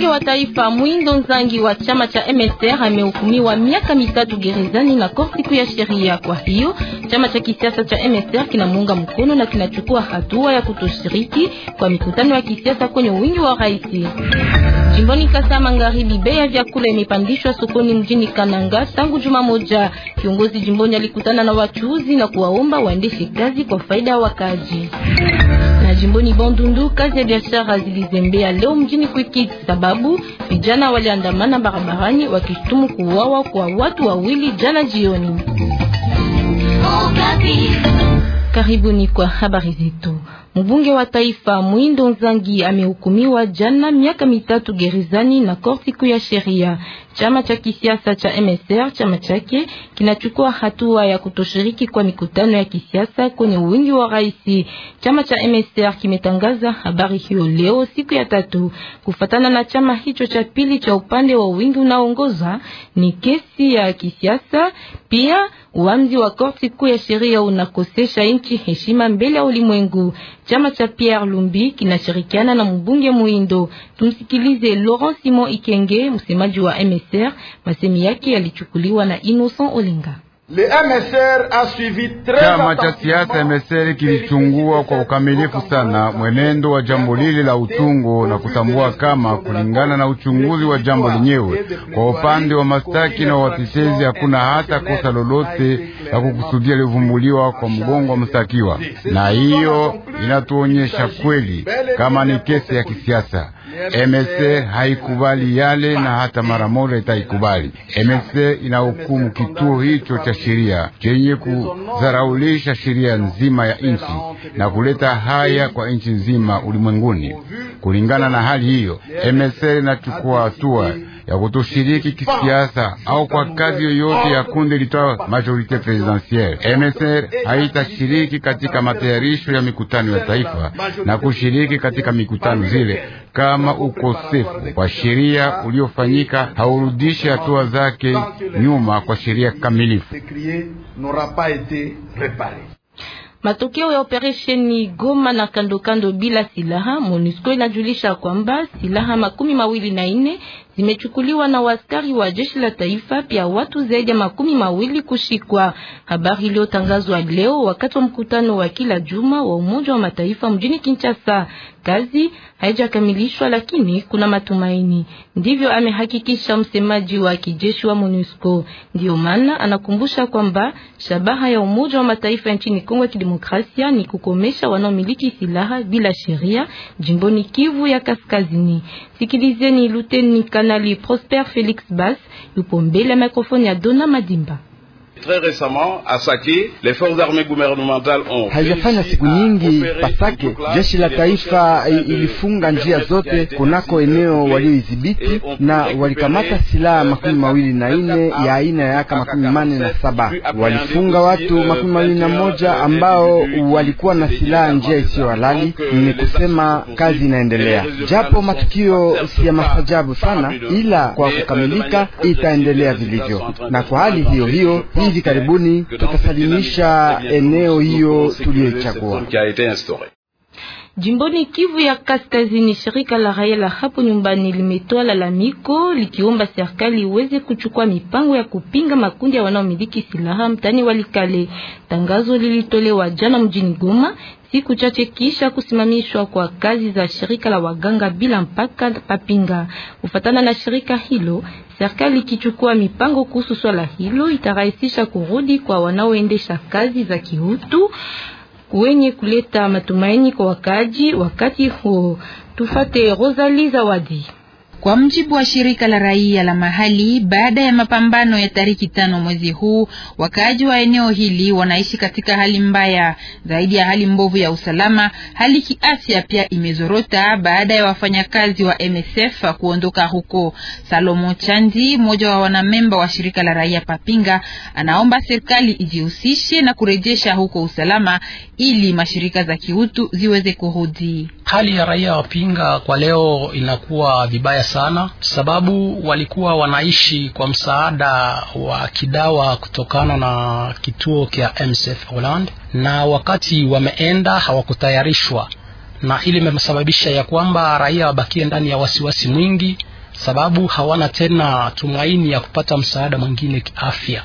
Mbunge wa taifa Mwindo Nzangi wa chama cha MSR amehukumiwa miaka mitatu gerezani na korti kuu ya sheria. Kwa hiyo chama cha kisiasa cha MSR kinamuunga mkono na kinachukua hatua ya kutoshiriki kwa mikutano ya kisiasa kwenye wingi wa raisi. Jimboni Kasa Magharibi, bei ya vyakula imepandishwa sokoni mjini Kananga tangu juma moja. Kiongozi jimboni alikutana na wachuuzi na kuwaomba waendeshe kazi kwa faida ya wakaji Jimboni Bandundu, kazi ya biashara zilizembea leo mjini Kwikit sababu vijana waliandamana barabarani wakishtumu kuuawa kwa watu wawili jana jioni. Oh, Karibuni kwa habari zetu. Mbunge wa taifa Mwindo Nzangi amehukumiwa jana miaka mitatu gerezani na korti kuu ya sheria. Chama cha kisiasa cha MSR chama chake kinachukua hatua ya kutoshiriki kwa mikutano ya kisiasa kwenye wingi wa rais. Chama cha MSR kimetangaza habari hiyo leo siku ya tatu. Kufatana na chama hicho cha pili cha upande wa wingi unaongoza, ni kesi ya kisiasa pia. Uamuzi wa korti kuu ya sheria unakosesha nchi heshima mbele ya ulimwengu. Chama cha Pierre Lumbi kinashirikiana na mbunge Muindo. Tumsikilize Laurent Simon Ikenge, msemaji wa MSR. Masemi yake yalichukuliwa na Innocent Olinga. Chama cha siasa MSR kilichungua kwa ukamilifu sana mwenendo wa jambo lile la utungo na kutambua kama kulingana na uchunguzi wa jambo lenyewe, kwa upande wa mastaki na watetezi, hakuna hata kosa lolote la kukusudia livumbuliwa kwa mgongo wa mstakiwa, na hiyo inatuonyesha kweli kama ni kesi ya kisiasa. MSC haikubali yale na hata mara moja itaikubali. MSC inahukumu kituo hicho cha sheria chenye kudharaulisha sheria nzima ya nchi na kuleta haya kwa nchi nzima ulimwenguni. Kulingana na hali hiyo, MSC inachukua hatua ya kutoshiriki kisiasa au kwa kazi yoyote ya kundi litwa majorite presidentielle. MSR haitashiriki katika matayarisho ya mikutano ya taifa na kushiriki katika mikutano zile, kama ukosefu wa sheria uliofanyika haurudishi hatua zake nyuma kwa sheria kamilifu. Matokeo ya operesheni Goma na kandokando bila silaha, MONUSCO inajulisha kwamba silaha makumi mawili na nne zimechukuliwa na waskari wa jeshi la taifa, pia watu zaidi ya makumi mawili kushikwa. Habari iliyotangazwa leo wakati wa mkutano wa kila juma wa Umoja wa Mataifa mjini Kinshasa. Kazi haijakamilishwa lakini kuna matumaini, ndivyo amehakikisha msemaji wa kijeshi wa MONUSCO. Ndio maana anakumbusha kwamba shabaha ya Umoja wa Mataifa nchini Kongo ya Kidemokrasia ni kukomesha wanaomiliki silaha bila sheria jimboni Kivu ya Kaskazini. Sikilizeni Luteni Kana Prosper Félix Bass nous mbele le microphone à Dona Madimba. Haijafanya siku nyingi Pasake, jeshi la taifa ilifunga njia zote kunako eneo walioidhibiti, na walikamata silaha makumi mawili na nne ya aina ya aka makumi manne na saba. Walifunga watu makumi mawili na moja ambao walikuwa na silaha njia isiyo halali. Ni kusema kazi inaendelea, japo matukio si ya masajabu sana, ila kwa euh, kukamilika itaendelea vilivyo, na kwa hali hiyo hiyo hii hivi karibuni tutasalimisha eneo hiyo tuliyoichagua. Jimboni Kivu ya Kaskazini, shirika la raia la hapo nyumbani limetoa lalamiko likiomba serikali iweze kuchukua mipango ya kupinga makundi ya wanaomiliki silaha mtani Walikale. Tangazo lilitolewa jana mjini Goma siku chache kisha kusimamishwa kwa kazi za shirika la waganga bila mpaka Papinga. Kufatana na shirika hilo, serikali ikichukua mipango kuhusu swala hilo itarahisisha kurudi kwa wanaoendesha kazi za kiutu wenye kuleta matumaini kwa wakaji wakati huo. Tufate Rosalie Zawadi. Kwa mjibu wa shirika la raia la mahali, baada ya mapambano ya tariki tano mwezi huu, wakaaji wa eneo hili wanaishi katika hali mbaya zaidi ya hali mbovu ya usalama. Hali kiafya pia imezorota baada ya wafanyakazi wa MSF kuondoka huko. Salomo Chandi, mmoja wa wanamemba wa shirika la raia Papinga, anaomba serikali ijihusishe na kurejesha huko usalama ili mashirika za kiutu ziweze kurudi. Hali ya raia wapinga kwa leo inakuwa vibaya sana, sababu walikuwa wanaishi kwa msaada wa kidawa kutokana na kituo kya MSF Holland, na wakati wameenda hawakutayarishwa, na hili limesababisha ya kwamba raia wabakie ndani ya wasiwasi mwingi, sababu hawana tena tumaini ya kupata msaada mwingine kiafya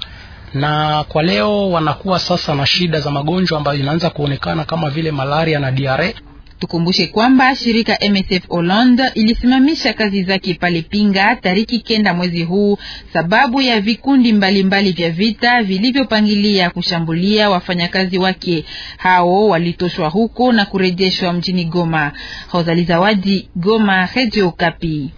na kwa leo wanakuwa sasa na shida za magonjwa ambayo inaanza kuonekana kama vile malaria na diare. Tukumbushe kwamba shirika MSF Holland ilisimamisha kazi zake pale Pinga tariki kenda mwezi huu sababu ya vikundi mbalimbali vya vita vilivyopangilia kushambulia wafanyakazi wake. Hao walitoshwa huko na kurejeshwa mjini Goma. Hozali Zawadi, Goma, Radio Kapi.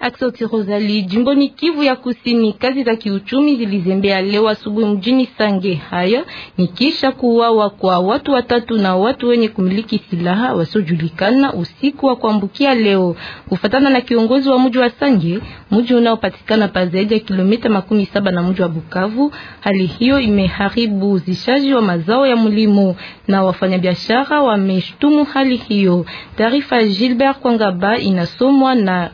Aksoti Rosalie, jimboni Kivu ya Kusini, kazi za kiuchumi zilizembea leo asubuhi mjini Sange. Hayo ni kisha kuuawa kwa watu watatu na watu wenye kumiliki silaha wasiojulikana usiku wa kuambukia leo, kufatana na kiongozi wa mji wa Sange, mji unaopatikana pa zaidi ya kilomita makumi saba na mji wa Bukavu. Hali hiyo imeharibu uzishaji wa mazao ya mlimo na wafanyabiashara wameshtumu hali hiyo. Taarifa Gilbert Kwangaba inasomwa na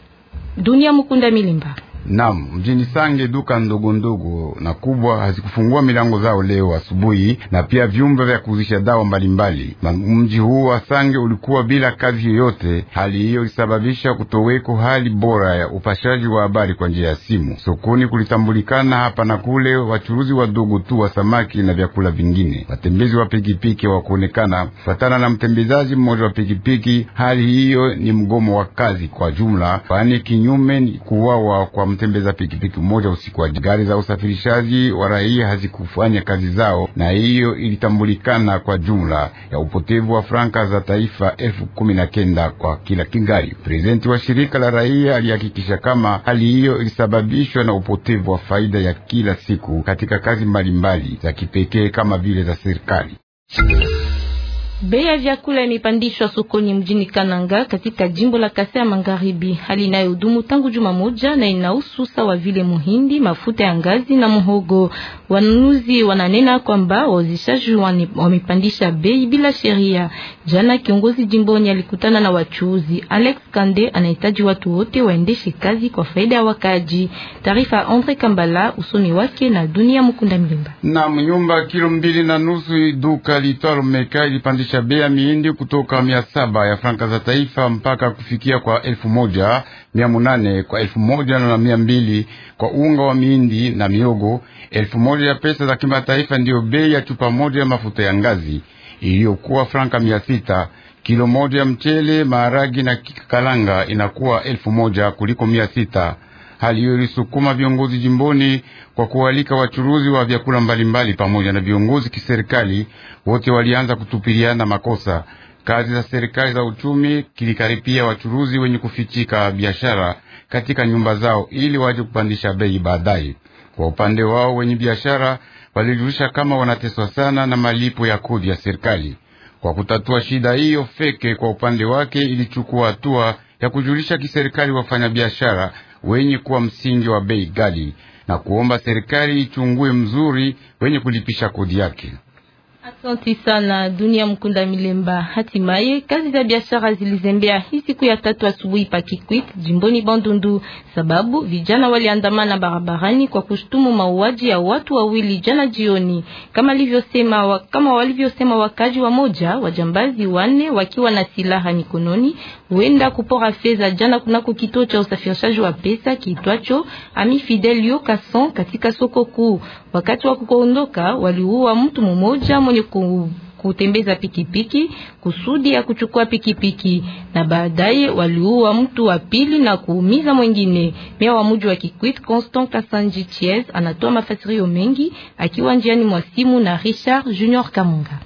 Dunia Mukunda Milimba. Naam, mjini Sange duka ndogo ndogo na kubwa hazikufungua milango zao leo asubuhi, na pia vyumba vya kuuzisha dawa mbalimbali. Mji huu wa Sange ulikuwa bila kazi yoyote. Hali hiyo ilisababisha kutoweko hali bora ya upashaji wa habari kwa njia ya simu. Sokoni kulitambulikana hapa na kule wachuruzi wadogo tu wa samaki na vyakula vingine. Watembezi wa pikipiki hawakuonekana. Fatana na mtembezaji mmoja wa pikipiki, hali hiyo ni mgomo wa kazi kwa jumla, kwani kinyume ni kuwawa kwa mtembeza pikipiki mmoja usiku wa gari za usafirishaji wa raia hazikufanya kazi zao, na hiyo ilitambulikana kwa jumla ya upotevu wa franka za taifa elfu kumi na kenda kwa kila kingari Prezidenti wa shirika la raia alihakikisha kama hali hiyo ilisababishwa na upotevu wa faida ya kila siku katika kazi mbalimbali mbali za kipekee kama vile za serikali. Bei ya vyakula imepandishwa sokoni mjini Kananga katika jimbo la Kasai Magharibi, hali inayodumu tangu juma moja na inahusu sawa vile muhindi, mafuta ya ngazi na muhogo. Wanunuzi wananena kwamba wauzishaji wamepandisha bei bila sheria. Jana kiongozi jimboni alikutana na wachuuzi. Alex Kande anahitaji watu wote waendeshe kazi kwa faida ya wakaji. Taarifa Andre Kambala, usomi wake na dunia mkunda milimba. Na mnyumba kilo mbili na nusu duka litwalo Meka ilipandisha kupandisha bei ya miindi kutoka mia saba ya franka za taifa mpaka kufikia kwa elfu moja mia munane kwa elfu moja na mia mbili kwa unga wa miindi na miogo. Elfu moja ya pesa za kimataifa ndiyo bei ya chupa moja ya mafuta ya ngazi iliyokuwa franka mia sita. Kilo moja ya mchele, maharagi na kikalanga inakuwa elfu moja kuliko mia sita. Hali hiyo ilisukuma viongozi jimboni kwa kualika wachuruzi wa vyakula mbalimbali pamoja na viongozi kiserikali, wote walianza kutupiliana makosa. Kazi za serikali za uchumi kilikaripia wachuruzi wenye kufichika biashara katika nyumba zao ili waje kupandisha bei baadaye. Kwa upande wao, wenye biashara walijulisha kama wanateswa sana na malipo ya kodi ya serikali. Kwa kutatua shida hiyo, Feke kwa upande wake ilichukua hatua ya kujulisha kiserikali wafanyabiashara wenye kuwa msingi wa bei ghali na kuomba serikali ichungue mzuri wenye kulipisha kodi yake. Asante sana Dunia Mkunda Milemba. Hatimaye kazi za biashara zilizembea hii siku ya tatu asubuhi pa Kikwit jimboni Bandundu, sababu vijana waliandamana barabarani kwa kushtumu mauaji ya watu wawili jana jioni, kama walivyosema wa, kama walivyosema wakaji wa moja, wajambazi wanne wakiwa na silaha mikononi huenda kupora fedha jana kunako kituo cha usafirishaji wa pesa kiitwacho Ami Fidelio Kason katika soko kuu. Wakati wa kuondoka waliua mtu mmoja mwenye ili ku kutembeza pikipiki kusudi ya kuchukua pikipiki na baadaye waliua mtu wa pili na kuumiza mwingine. Meya wa mji wa Kikwit Constant Kasanji Chies anatoa mafasirio mengi akiwa njiani mwa simu na Richard Junior Kamunga.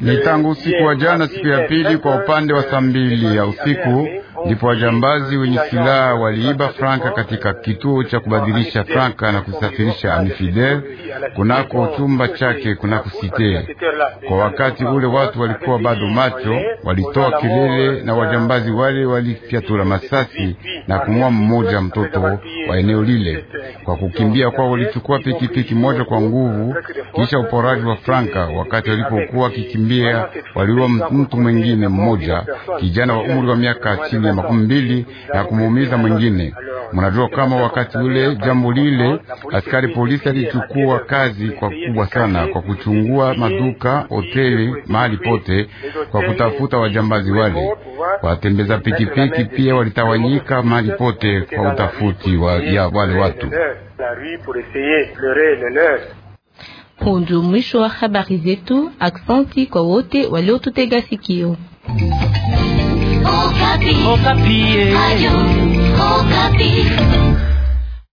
Ni tangu usiku wa jana siku ya pili kwa upande wa saa mbili ya usiku ndipo wajambazi wenye silaha waliiba franka katika kituo cha kubadilisha franka na kusafirisha amifidel kunako chumba chake kunako site. Kwa wakati ule watu walikuwa bado macho, walitoa kelele na wajambazi wale walifyatula masasi na kumua mmoja mtoto wa eneo lile. Kwa kukimbia kwao walichukua pikipiki moja kwa nguvu, kisha uporaji wa franka. Wakati walipokuwa wakikimbia, waliua mtu mwingine mmoja, kijana wa umri wa miaka chini makumi mbili na kumuumiza mwingine. Mnajua kama wakati ule jambo lile, askari polisi alichukua kazi kwa kubwa sana kwa kuchungua maduka, hoteli, mahali pote kwa kutafuta wajambazi wale. Watembeza pikipiki pia walitawanyika mahali pote kwa utafuti wa, ya wale watu. Huu mwisho wa habari zetu. Aksanti kwa wote waliotutega sikio. Okapi. Okapi. Eh.